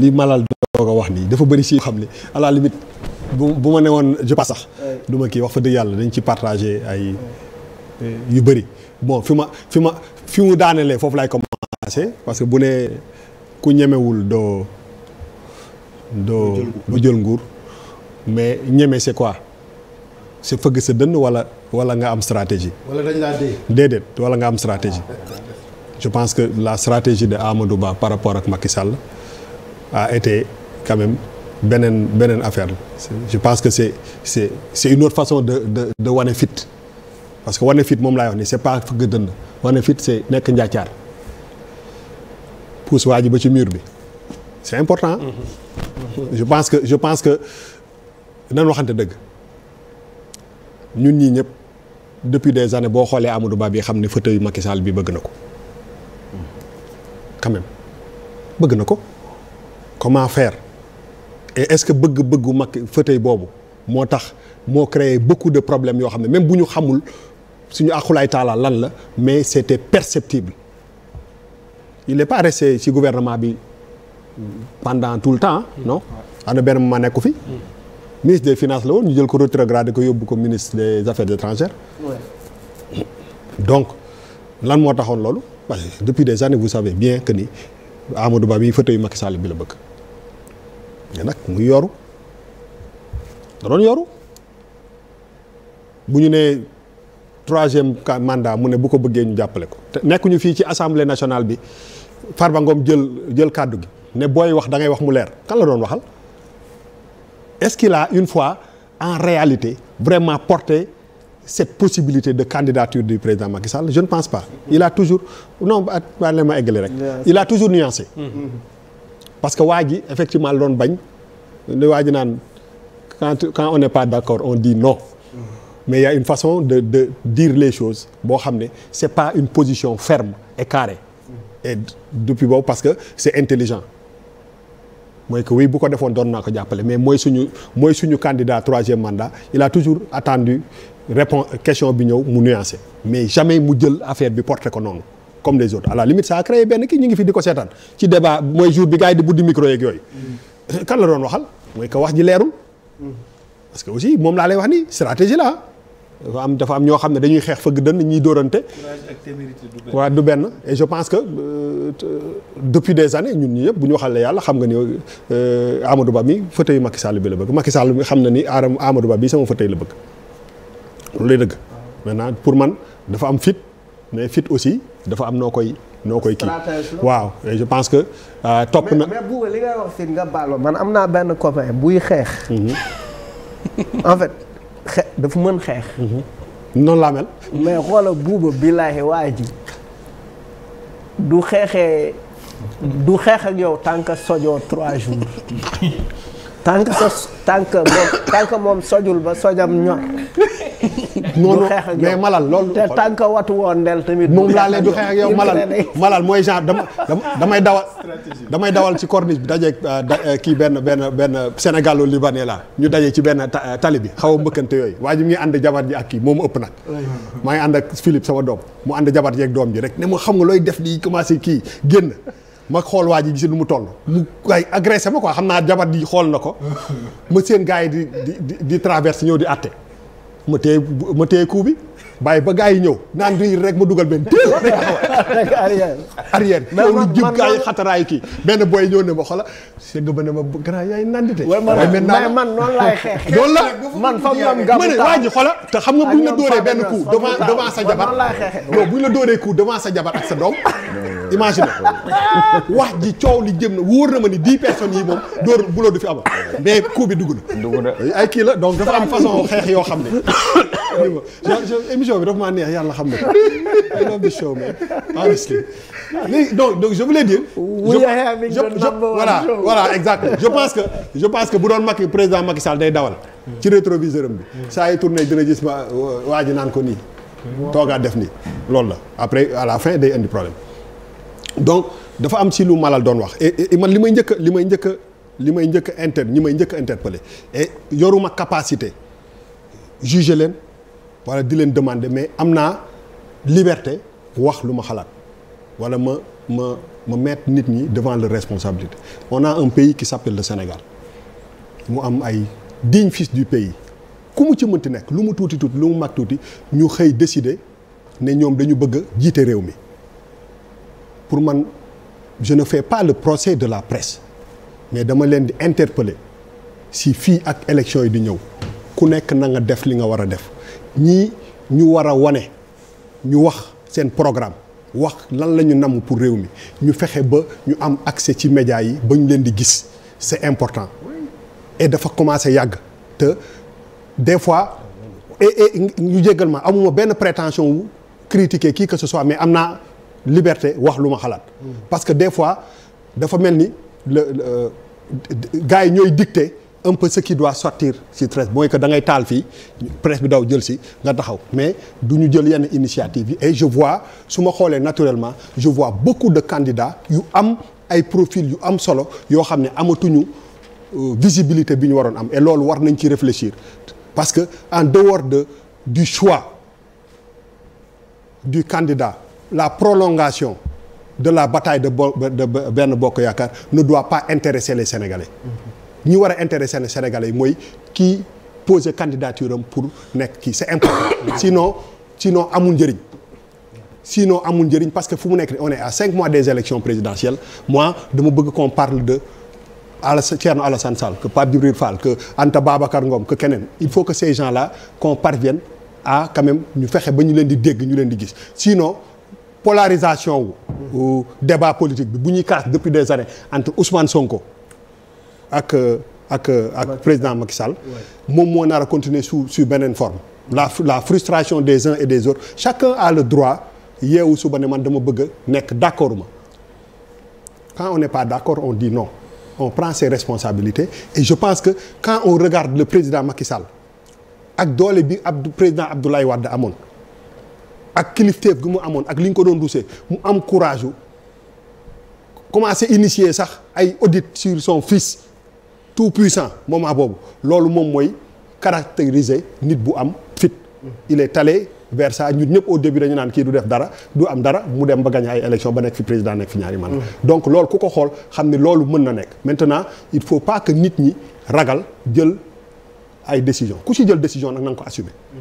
li malal doog a wax nii dafa bëri si xam ne à la bu bu ma ne woon je passe sax du ma kii wax fa dëgg yàlla dañ ci partagé ay yu bëri bon fi ma fi ma fi mu daaneele foofu laay commencé parce que bu ne ku ñemewul doo doo doo jël nguur mais ñeme c'est quoi c'est fëgg sa dënn wala wala nga am stratégie wala dañ laa dee déedéet wala nga am stratégie ah, je pense que la stratégie de Amadou Ba par rapport ak Macky Sall waa été quand même beneen beneen affaire la je pense que c'est c'est c'est une autre façon de de de wane fit parce que wane fit moom laay wax ni c'est pas fëgg dënn wane fit c'est nekk njaacaar pousse waa ji ba ci miir bi c'est important mm-hmm. je pense que je pense que nan waxante dëgg ñun ñii ñëpp depuis des années boo xoolee Amadou Ba bi xam ne fauteuil Macky Sall bi bëgg na ko mm-hmm. quand bëgg na ko comment faire et est-ce que bëgg-bëggu mag fauteuil boobu moo tax moo créé beaucoup de problème yoo xam ne même bu ñu xamul suñu àqulaay taala lan la mais c'était perceptible il n'est pas resté ci gouvernement bi pendant tout le temps non am na benn ma nekku fi ministre des finances la woon ñu jël ko rétrogradé ko yóbbu ko ministre des affaires étrangères ouais. donc lan moo taxoon loolu parce que depuis des années vous savez bien que ni Amadou Ba bi fauteuil Macky Sall bi la bëgg mais nag muy yoru da doon yoru bu ñu nee troisième mandat mu ne bu ko bëggee ñu jàppale ko te nekkuñu fii ci assemblée nationale bi Farba Ngom jël jël kàddu gi ne booy wax da ngay wax mu leer kan la doon waxal est-ce qu'il a une fois en réalité vraiment porté cette possibilité de candidature du président Macky Sall je ne pense pas il a toujours non baale ma eggale rek il a toujours nuancé mm-hmm. parce que waa ji effectivement la doon bañ li waa ji naan quand quand on n'est pas d'accord on dit non mais il y une façon de de dire les choses boo xam ne c'est pas une position ferme et carré et depuis boobu parce que c'est intelligent mooy que oui bu ko defoon doon naa ko jàppale mais mooy suñu mooy suñu candidat troisième mandat il a toujours attendu réponse question bi ñëw mu nuancé mais jamais mu jël affaire bi porte ko noonu comme les autres à la limite ça a créé benn kii ñu ngi fi di ko seetaan ci débat mooy jour bi gars yi di buddi micro yooyu. Mm. kan la doon waxal mooy que wax ji leerul. Mm. parce que aussi moom laa lay wax ni stratégie la dafa am dafa am ñoo xam ne dañuy xeex fëgg dënn ñuy dóorante. waaw du benn et je pense que euh, depuis des années ñun ñii yëpp bu ñu waxal la yàlla xam nga ni euh, Amadou Ba mi fauteuil Macky Sall bi la bëgg Macky Sall mi xam na ni Amadou Ba bii sama fauteuil la bëgg loolu lay dëgg. Ah. mais fit aussi dafa am noo koy noo koy kii waaw je pense que euh, topp na li ngay wax nga baal man am naa benn copain buy xeex mhm. en fait xe dafa mën xeex mhm. noonu laa mel mais xoola buuba billaahi waa ji du xeexee du xeex ak yow tant que sojoo trois jours tant que sos moom tant moom sojul ba sojam ñor. noonu mais malal loolu. te tant watu woon ndel tamit. moom laa leen du xeex yow malal mooy genre dama damay dawal. damay dawal ci corniche bi dajeeg euh, euh, kii benn benn benn Sénégalo libanais la ñu daje ci benn euh, tali bi xaw a mbëkkante yooyu waa ji mu ànd jabar ji ak kii moom ëpp nag. maa ngi ànd ak Philippe sama doom mu ànd jabar ji doom ji rek ne ma xam nga looy def di commencé kii génn. ma xool waa ji gis lu mu toll mu ay agressé ma quoi xam naa jabar di xool na ko ma seen gars yi di di di traverse ñëw di àtte ma téye ma téye coup bi bàyyi ba gaa yi ñëw naan riir rek ma dugal benn teel rek xaw arrière arrière yi xataraayu kii benn booy ñëw ne ma xola sëgg ba ne ma grand yaay nandite waaye maintenant man noonu laay la man fa mu ma ne waa ji xola te xam nga buñ la dóoree benn coup devant devant sa jabar non buñ la dóoree coup sa jabar ak sa doom imagine wax ji coow li jëm na wóor na ma ni dix personnes yi moom dóor buloo du fi ama mais coup bi dugg na ay kii la donc dafa am façon xeex yoo xam ne émission bi dafa maa neex yàlla xam na ko I love the show man donc je voulais dire. je je je pense que je pense que bu doon Macky président Macky Sall day dawal. ci rétroviseur am bi. saa yi tourné dina gis ma waa ji naan ko nii. toogaat def nii loolu la après à la fin day indi problème donc dafa am ci lu malal doon wax man li may njëkk li may njëkk li may njëkk inter ñi may njëkk interpellé et yoruma capacité juger leen. wala di leen demande mais am naa liberté wax lu ma xalaat wala ma ma ma nit ñi devant leur responsabilité on a un pays qui s'appelle le Sénégal mu am ay dignes fils du pays ku mu ci mënti nekk lu mu tuuti tuuti lu mu mag tuuti ñu xëy décider ne ñoom dañu bëgg jiite réew mi pour man je ne fais pas le procès de la presse mais dama leen di interpeller si fii ak élection yi di ñëw ku nekk na nga def li nga war a def ñii ñu war a wane ñu wax seen programme wax lan la ñu namm pour réew mi ñu fexe ba ñu am accès ci médias yi ba ñu leen di gis c'est important et dafa commencé yàgg te des fois et ñu jéggal ma amuma benn prétention wu critiquer qui que ce soit mais am naa liberté wax lu ma xalaat mm. parce que des fois dafa mel ni le euh, gars yi ñooy dicter un peu ce qui doit sortir ci presse mooy que da ngay taal fii presse bi daw jël si nga taxaw mais du ñu jël yenn initiative yi et je vois su ma xoolee naturellement je vois beaucoup de candidats yu am ay profils yu am solo yoo xam ne amatuñu euh, visibilité bi ñu waroon am et loolu war nañ ci réfléchir parce que en dehors de du choix du candidat la prolongation de la bataille de bo de Benno Bokk Yaakaar ne doit pas intéressé les Sénégalais. ñu war a intéresser les Sénégalais yi mooy kii poser candidature pour nekk kii c'est important sinon sinon amul njëriñ sinon amul njëriñ parce que fu mu nekk on est à cinq mois des élections présidentielles moi dama bëgg qu'on parle de Alassane Thierno Alassane Sall que Pape Djibril Fall que Anta Babacar Ngom que keneen il faut que ces gens-là qu'on parvienne à quand ñu fexe ba ñu leen di dégg ñu leen di gis sinon polarisation wu débat politique bi bu ñuy casse depuis des années entre Ousmane Sonko ak ak ak président Macky moom moo nar a continuer sous sur beneen forme. la la frustration des uns et des autres chacun a le droit yeewu suba ne man dama bëgg nekk d' accord ma quand on n'est pas d' accord on dit non on prend ses responsabilités et je pense que quand on regarde le président Macky Sall ak doole bi Abdou président Abdoulaye Wade amoon ak kilifteef gi mu amoon ak li ñu ko doon duusee mu am courage u commencé initier sax ay audit sur son fils. tout puissant moment boobu loolu moom mooy caractériser nit bu am fit il est allé vers ça ñun ñëpp au début dañu naan kii du def dara du am dara mu dem ba gagné ay élection ba nekk fi président nekk fi ñaari man mm. donc loolu ku ko xool xam ne loolu mën na nekk maintenant il faut pas que nit ñi ragal jël ay décision ku si jël décision nag na nga ko assumer mm.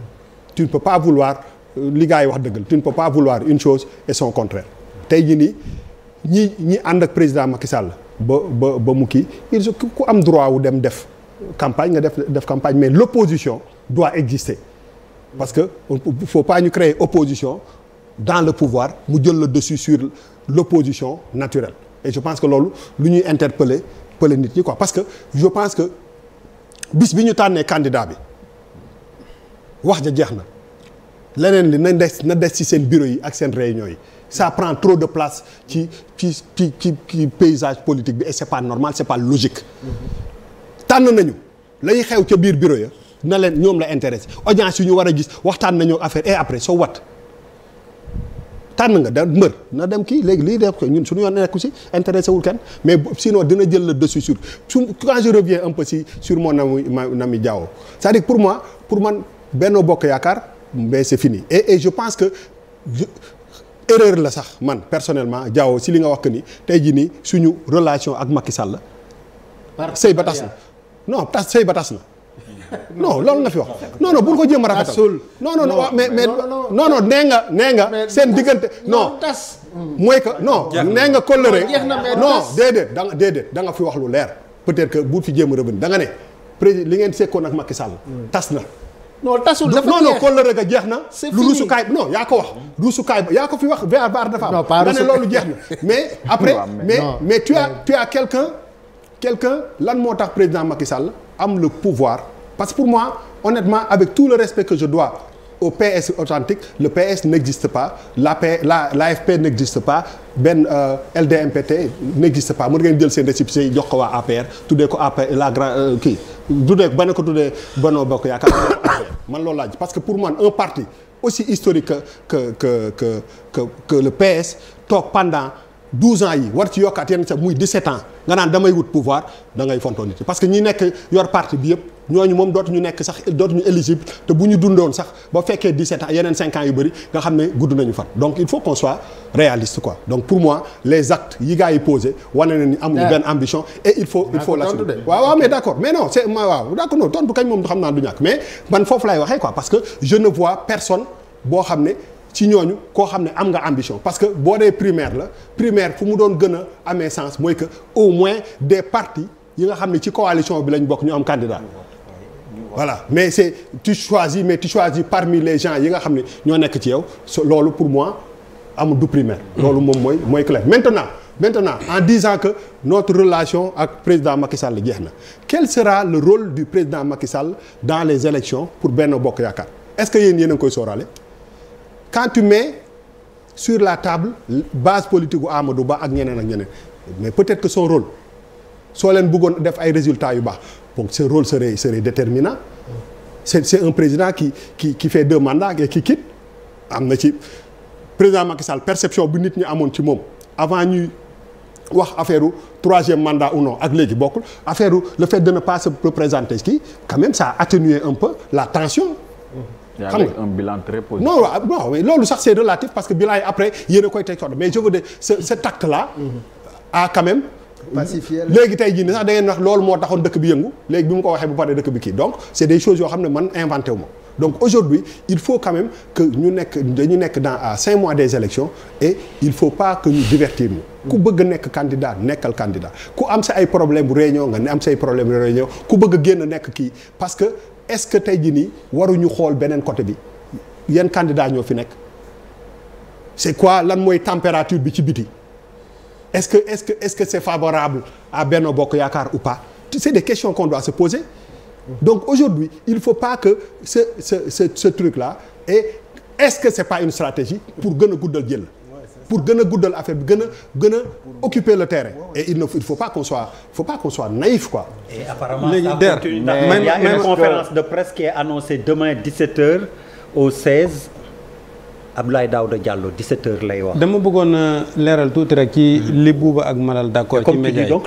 tu ne peux pas vouloir euh, li yi wax dëggal tu ne peux pas vouloir une chose et son contraire tey jii nii ñi ñi ànd président Macky Sall ba ba ba mu kii il ku am droit wu dem def campagne nga def def campagne mais l'opposition doit exister parce que il faut pas ñu créer opposition dans le pouvoir mu jël la dessus sur l'opposition naturelle et je pense que loolu lu ñuy interpeller pële nit ñi ko parce que je pense que bis bi ñu tànnee candidat bi wax ja jeex na leneen li na des na des ci seen bureau yi ak seen réunion yi ça prend trop de place ci ci ci ci paysage politique bi et c'est pas normal c'est pas logique tànn nañu lay xew ca biir bureau ya na leen ñoom la intéressé audience yu ñu war a gis waxtaan nañu affaire et après so what tànn nga da mbër na dem kii léegi lii def ko ñun suñu yoon nekku si intéressé wul kenn mais sinon dina jël le dessus sur su quand je reviens un peu si sur mon ami Nami Diao c'est-à-dire pour moi pour man Benno Bokk Yaakaar mais fini et et je pense que je, erreur la sax man personnellement Diaw si li nga wax que ni tey jii nii suñu relation ak Macky Sall. sëy ba tas na non tas sëy ba tas na. non loolu nga bu ko jéem a rafetal. non non non nee nga nee nga seen diggante non. tas mooy que non nee nga kóllëre. no déedéet da déedéet da nga fi wax lu leer. peut-être que bu fi jéem a danga da ne li ngeen sekkoon ak Macky Sall. Mm. tas na. non tasul dafa non non kóllëre jeex na. c'est fini lu ruusukaay non yaa ko wax. ruusukaay yaa ko fi wax VAR VAR dafa am. non loolu jeex na mais. après mais mais tu as tu as quelqu'un quelqu'un lan moo tax président Macky Sall am le pouvoir parce que pour moi honnêtement avec tout le respect que je dois. au PS authentique le PS n'existe pas l'AP la l'AFP n'existe pas benn euh, LDMPT n'existe pas mën ngeen jël seen récépissé yi jox ko waa affaire tuddee ko APR la grand euh, kii. tuddee ba ne ko du tuddee Benno Bokk Yaakaar man loolu laaj parce que pour man un parti aussi historique que que que que que le PS toog pendant. 12 ans yi war ci yokkaat yenn sax muy 17 ans nga naan damay wut pouvoir da ngay nit yi parce que ñi nekk yor parti bi yëpp ñooñu moom dootuñu nekk sax dootuñu éligible te bu ñu dundoon sax ba fekkee 17 ans yeneen 5 ans yu bëri nga xam ne gudd nañu far donc il faut qu'on soit réaliste quoi donc pour moi les actes yi gars yi posé na ni amuñu benn ambition et il faut il faut l'assumer waaw waaw mais d'accord mais non c'est waaw d'accord non tontu kañ moom xam naa du ñàkk mais man foofu laay boo xam ne ci ñooñu koo xam ne am nga ambition parce que boo dee primaire la primaire fu mu doon gën a amee sens mooy que au moins des partis yi nga xam ne ci coalition bi lañ bokk ñu am candidat voilà mais c'est tu choisis mais tu choisis parmi les gens yi nga xam ne ñoo nekk ci yow loolu pour moi amul du primaire mm-hmm. loolu moom mooy mooy clair maintenant maintenant en dix disant que notre relation ak président Macky Sall jeex na quel sera le rôle du président Macky dans les élections pour Benno Bokk Yaakaar est-ce que yéen yéen a ngi koy quand tu mets sur la table base politique gu Amadou Ba ak ñeneen ak ñeneen mais peut-être que son rôle soo leen bëggoon def ay résultat yu baax donc ce rôle serait serait déterminant c'est c'est un président qui qui qui fait deux mandats et ki quitte am na ci président Macky Sall perception bu nit ñi amoon ci moom avant ñuy wax affaire u troisième mandat ou non ak léegi bokkul affaire le fait de ne pas se représenter kii quand même ça a atténué un peu la tension. xam nga ah, loolu sax c'est relatif parce que bilan yi après yéen a koy teg coono mais je veux dire ce cet acte mhm. a quand léegi tey jii ne sax da ngeen wax loolu moo taxoon dëkk bi yëngu léegi bi mu ko waxee bu paree dëkk bi kii donc c'est des choses yoo xam ne man inventé wu ma donc aujourd'hui il faut quand même que ñu nekk dañu nekk dans à cinq mois des élections et il faut pas que ñu divertir ñu ku bëgg nekk candidat nekkal candidat ku am sa ay problème réunion nga ne am say problème réunion ku bëgg génn nekk kii parce que est-ce que tey jii nii waruñu xool beneen côté bi yan candidat ñoo fi nekk c'est quoi lan mooy température bi ci biti est-ce que est-ce que est-ce que c'est favorable à Benno Bokk Yaakaar ou pas c'est des questions qu'on doit se poser donc aujourd'hui il faut pas que ce ce ce ce truc là et est-ce que c'est pas une stratégie pour gën a guddal jël pour gën a guddal affaire bi gën a gën a occuper le terrain. et il ne il faut pas qu'on soit il faut pas qu'on soit naïf quoi. et apparemment léegi der il y a une conférence de presse qui est annoncée demain 17h au 16. Abdoulaye Daouda Diallo 17h lay wax. dama bëggoon euh, leeral tuuti rek ci li buuba ak Malal d'accord ci média